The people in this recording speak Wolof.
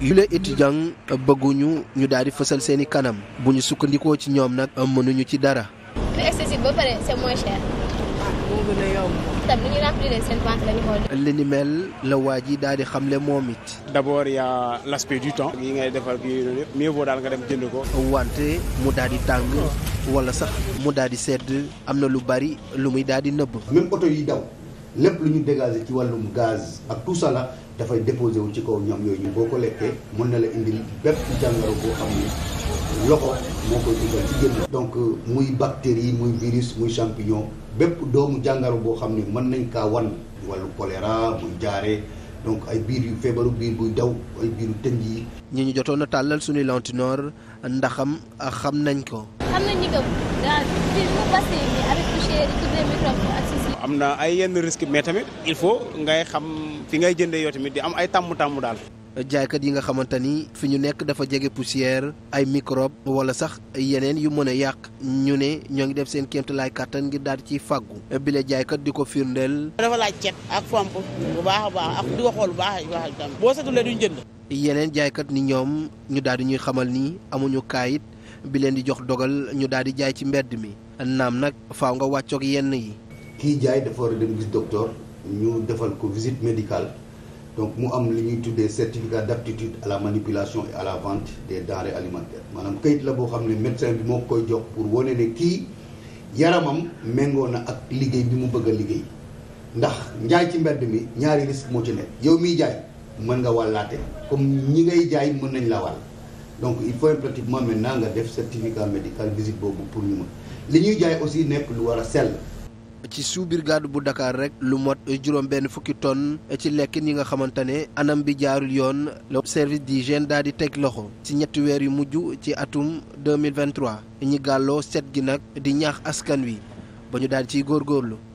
yule bëgguñu ñu daal di fësal seeni kanam bu ñu sukkandikoo ci ñoom nag mënuñu ci dara. lu excessif ba mel la waa ji daal di xamle moom it. d'abord y a l'aspect du temps. yi ngay defar bi yooyu yëpp mieux vaut daal nga dem jënd ko. wante mu daal di tàng wala sax mu daldi sedd am na lu bari lu muy daal di nëbb. même oto lépp lu ñu dégager ci wàllum gaz ak tout ça la dafay déposé wu ci kaw ñoom yooyu ñu boo ko lekkee mën na la indi bépp jàngoro boo xam ne loxo moo koy dugal ci génn donc euh, muy bactérie muy virus muy champignon bépp doomu jàngaro boo xam ne mën nañ kaa wan wàllu choléra muy jaare donc ay biir yu feebaru biir buy daw ay biiru tënj yi. ñi ñu jotoon a tàllal suñuy lantinoor ndaxam xam nañ ko. am na ay yenn risque mais tamit il faut ngay xam fi ngay jëndee yoo tamit di am ay tàmm-tàmm daal. jaaykat yi nga xamante ni fi ñu nekk dafa jege poussière ay microbe wala sax yeneen yu mën a yàq ñu ne ñoo ngi def seen kéemtalaay kàttan ngir daal ciy faggu bile jaaykat di ko firndeel. dafa laaj cet ak fomp baax ak di xool bu baax a baax boo setulee duñ jënd. yeneen jaaykat ni ñoom ñu daal di ñuy xamal ni amuñu kaayit bi leen di jox dogal ñu daal di jaay ci mbedd mi naam nag faaw nga wàccoog yenn yi. kiy jaay dafa war a dem gis doctor ñu defal ko visite médicale donc mu am li ñuy tuddee certificat d' aptitude à la manipulation et à la vente des denrées alimentaires maanaam kayit la boo xam ne médecin bi moo koy jox pour wane ne kii yaramam méngoo na ak liggéey bi mu bëgg a liggéey ndax njaay ci mbedd mi ñaari risque moo ci nekk yow miy jaay mën nga wàllaate comme ñi ngay jaay mën nañ la wàll donc il faut impérativement maintenant nga def certificat médical visite boobu pour ñu li ñuy jaay aussi nekk lu war a sell ci sous brigade bu Dakar rek lu mot juróom benn fukki tonne ci lekkin yi nga xamante ne anam bi jaarul yoon la service d'hygiène daal di teg loxo ci ñetti weer yu mujj ci atum 2023 ñi gàlloo set gi nag di ñaax askan wi ba ñu daal ciy góorgóorlu